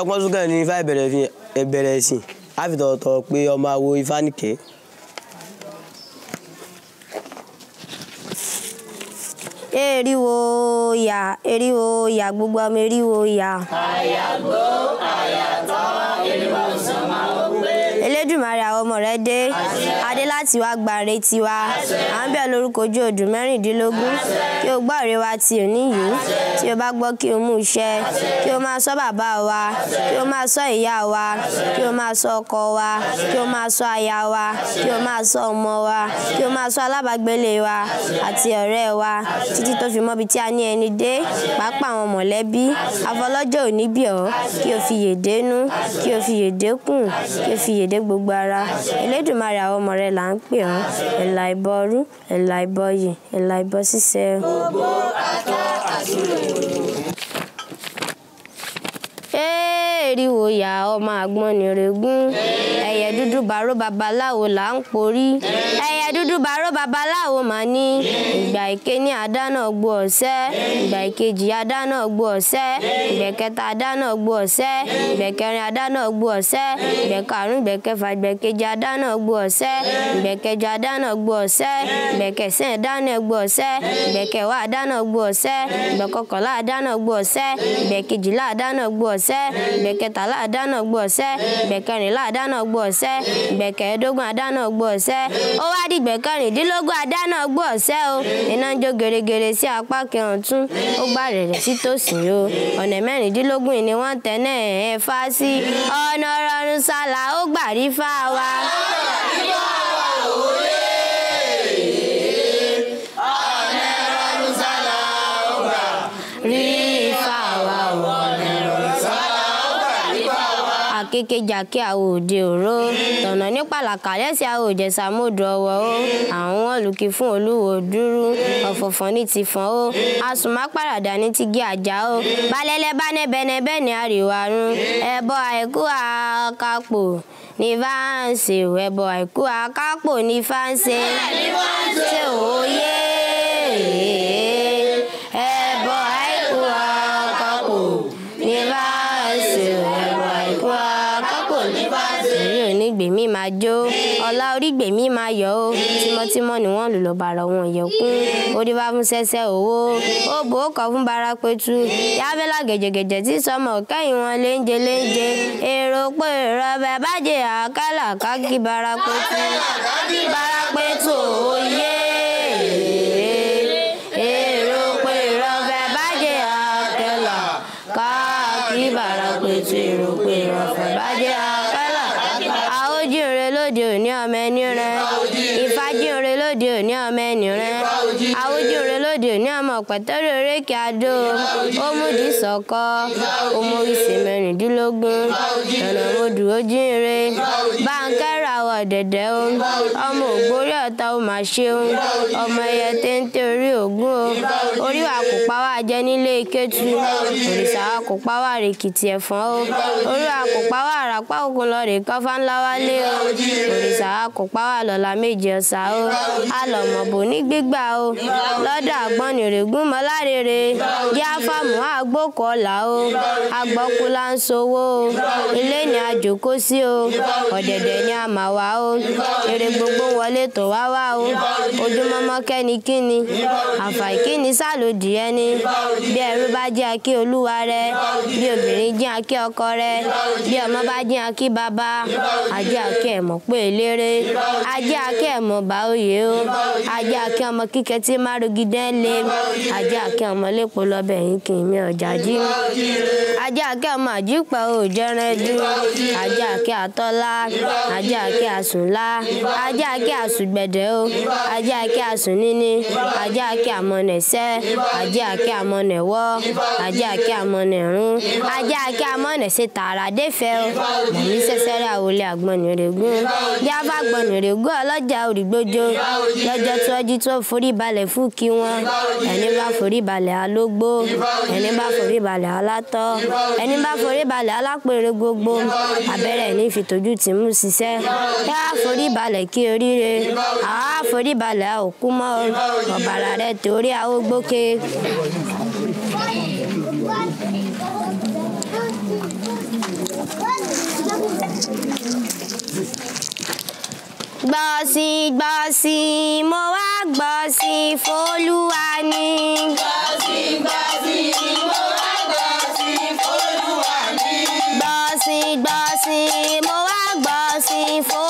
ọpọ́n súnkàn ní ifá ìbẹ̀rẹ̀ fi ẹ̀bẹ̀rẹ̀ ẹ̀sìn àfitọ̀tọ̀ pé ọmọ awo ifá nìkẹ́. èríwo yà èríwo yà gbogbo ọmọ èríwo yà. àyàgbó àyàtọ̀ èríwo sọ̀mà ó pé. Elédùmarè àwọn ọmọ rẹ dé. àṣẹ láti wá gba ire tiwa à ń bẹ̀ lórúkọ ojú odù mẹ́rìndínlógún kí o gbọ́ ire wa ti òní yìí tí o bá gbọ́ kí o mú iṣẹ́ kí o máa ṣọ́ bàbá wa kí o máa ṣọ́ ìyá wa kí o máa ṣọ́ ọkọ wa kí o máa ṣọ́ aya wa kí o máa ṣọ́ ọmọ wa kí o máa ṣọ́ alábàágbélé wa àti ọ̀rẹ́ wa títí tó fi mọ́bi tí a ní ẹni dé pàápàá àwọn mọ̀lẹ́bí afọlọ́jọ́ òní bì ọ́ kí o fi yèdé nú kí o fi yèdé kùn kí o fi yèdé gbogbo ara Elédùmarè àwọn ọmọ rẹ là là ń pè ọ́ ẹ̀là ìbọrú ẹ̀là ìbọyì ẹ̀là ìbọ sísẹ. gbogbo ata àtúrò. èrìwò yà ọmọ àgbọnnìrègún ẹyẹ dúdú bàró babaláwo là ń porí ẹyẹ ilẹ̀ dúdú baró babaláwo mà ní. ìgbà ìkíní adáná gbó ọ̀sẹ́ ìgbà ìkejì adáná gbó ọ̀sẹ́ ìgbà kẹta adáná gbó ọ̀sẹ́ ìgbà kẹrin adáná gbó ọ̀sẹ́ ìgbà karùn ìgbà kẹfà ìgbà keje adáná gbó ọ̀sẹ́ ìgbà kẹjọ adáná gbó ọ̀sẹ́ ìgbà kẹsàn-án adáná gbó ọ̀sẹ́ ìgbà kẹwàá adáná gbó ọ̀sẹ́ ìgbà kọkànlá adáná gbó ọ̀sẹ́ ìgbà kejìlá adáná gbó ọ̀sẹ́ ìgbà kẹtàlá adáná gbó ọ̀sẹ́ ìgbà kẹrìnlá adáná gbó ọ̀sẹ́ ìgbà kẹẹ̀ẹ́dógún adáná gbó ọ̀sẹ́ ó wá di ìgbẹ́kẹ̀rìndínlógún adá náà gbọ́ ọ̀sẹ́ o iná ń jó gèrègèrè sí apá kẹọ̀tún ó gbà rẹ̀rẹ̀ sí tòsí o ọ̀nà mẹ́rìndínlógún ni wọ́n tẹ̀ náà ẹ̀ẹ́fà sí ọ̀nà ọ̀rọ̀rùn sálà ó gbà rí fáwa. kékéjàké àwòdì òró tọ̀nà ní pàlàkà lẹ́sẹ̀ àwòjẹsà mọ́dù ọwọ́ ó àwọn olùkí fún olúwo dúró ọ̀fọ̀fọ̀n ní ti fọ́n ó asùnmá pàràdà ní ti gé àjà ó balẹ̀lẹ̀ bá nẹ́bẹ̀nẹ́bẹ̀ ní àríwá run ẹbọ àìkú àkàpò ní fáǹsì ẹbọ àìkú àkàpò ní fáǹsì ṣé òye. máa jó ọlá orígbèmí máa yọ̀ ó tímọ́tímọ́ ni wọ́n lù lọ bàrà wọn yẹ̀kún orí bá fún sẹ́sẹ́ owó ó bò ó kọ́ fún barapetu yábẹ́lá gẹ̀jẹ̀gẹ̀jẹ̀ tí sọmọ kẹ́yìn wọn léńjẹ léńjẹ èrò pé rọbẹ bàjẹ́ àkàlà kákí barapetu barapetu òye. Oyo ní àmọ́ pẹ̀tẹ́rì orékè adó omudi sọ̀kọ́ omori sèmẹ́rìndínlógún ọ̀nà modù ojínre bá ọ̀dẹ̀dẹ̀ o ọmọ ògbórí ọ̀tá o mà ṣe o ọmọ ẹyẹ téńté orí ògún o orí wa kò pa wá jẹ nílé ìkẹ́tù òrìṣà wa kò pa wá rèkìtì ẹ̀fọ́n o orí wa kò pa wá àràpá òkun lọ rè kọ́fà ńlá wálé o òrìṣà wa kò pa wá lọ́la méje ọ̀sà o alọ̀mọ̀bò ní gbígbà o lọ́dọ̀ àgbọn nìrègún mọ́lárèrè jáfàmù àgbòkọ̀ o àgbọ̀kú là ń sowó o ilé ni a sí o ọ̀dẹ̀dẹ̀ ni a o èrè gbogbo ń wọlé tọ̀ wá wá o ojúmọ́mọ́ kẹ́nikíni àfàìkíni sálòdì ẹni bí ẹrú bá jẹ́ akí olúwa rẹ bí obìnrin jẹ́ akí ọkọ rẹ bí ọmọ bá jẹ́ akí bàbá ajé akí ẹ̀mọ́ pé eléré ajé akí ẹ̀mọ́ bá oyè o ajé akí ọmọ kíkẹ́ tí márogi lé ajé akí ọmọ lépo lọ́bẹ̀ yín kì í mi ọ̀jà jí ajé akí ọmọ àjípẹ́ o jẹ́rẹ́ dú ajé akí àtọ́lá ajé akí àtọ́lá àsùn lá ajá kí àsùn gbẹ̀dẹ̀ o ajá kí àsùn níní ajá kí àmọ̀nẹ̀sẹ́ ajá kí àmọ̀nẹ̀wọ́ ajá kí àmọ̀nẹ̀rún ajá akí amọ̀nà ṣe tààrà défẹ́ o mọ̀mí sẹ́sẹ́rẹ́ àwòlé àgbọ̀nìrègún jábà gbọ̀nìrègún ọlọ́jà òrìgbójó lọ́jọ́ tí wọ́n jí tó forí balẹ̀ fún kí wọ́n ẹni bá forí balẹ̀ alógbó ẹni bá forí balẹ̀ alátọ́ ẹni bá forí balẹ̀ alápèrè gbogbo abẹ́rẹ́ ní fìtọ́jú tì mú ṣiṣẹ́ ẹ á forí balẹ̀ kí oríire àá forí balẹ̀ òkú mọ́ ọ̀bàrà rẹ̀ torí àwògbóke. gbọ̀nsì gbọ̀nsì mo wá gbọ̀nsì fólúwa ni. gbọ̀nsì gbọ̀nsì mo wá gbọ̀nsì fólúwa ni. gbọ̀nsì gbọ̀nsì mo wá gbọ̀nsì fólúwa ni.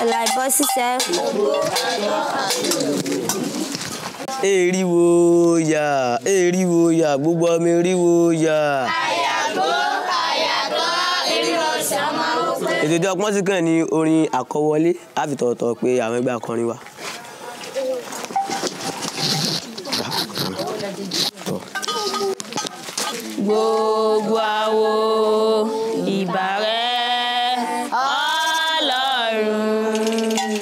ẹ̀làìbọ́ ṣiṣẹ́. èríwo yà èríwo yà gbogbo ọmọ èríwo yà. àyàgbọ́ àyàgbọ́ èríwo ṣàmáwó pé. ètò ìjọ ọpọ́n sí kàn ní orin àkọwọlé àfitọ̀ọ̀tọ̀ pé àwọn ẹgbẹ́ akọrin wa. gbogbo awo ìbàrẹ̀ ọlọ́run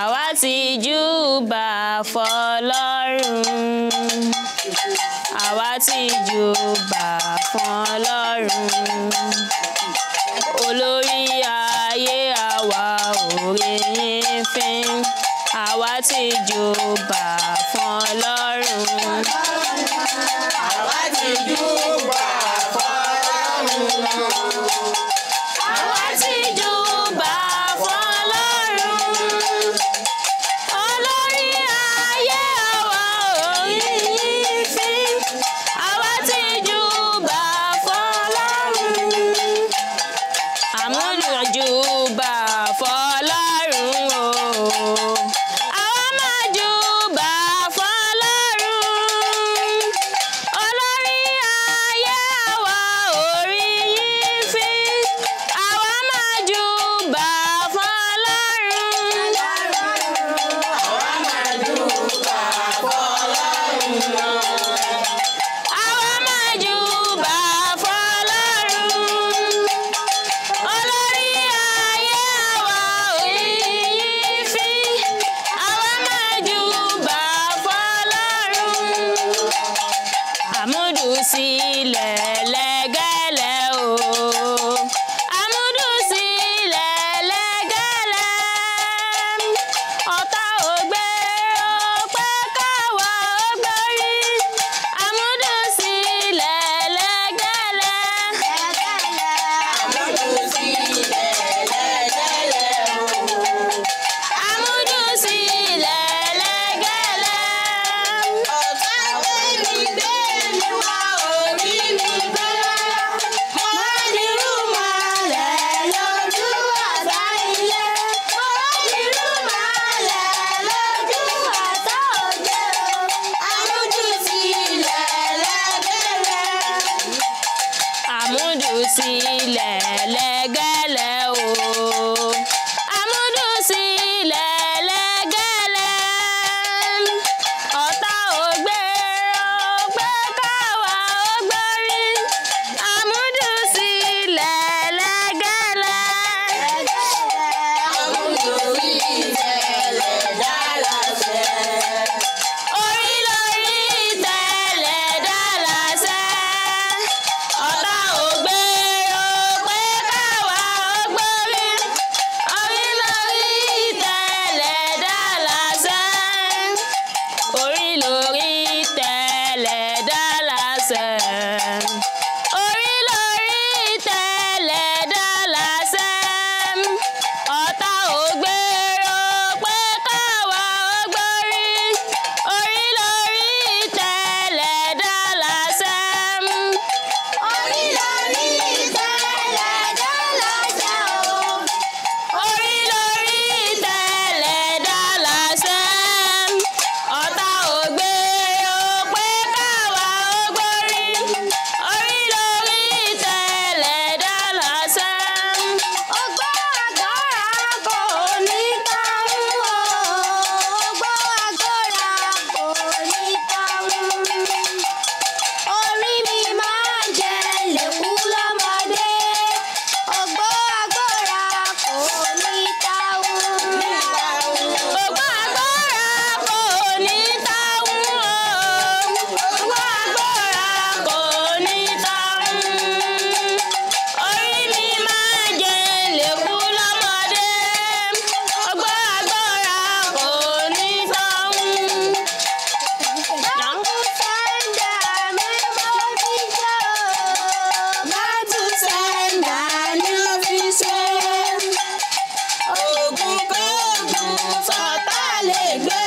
àwa ti júbà fọlọ́run àwa ti júbà fọlọ́run olórí ayé àwa òre yín fín àwa ti júbà fọlọ́run. sọ̀tà lè gbé.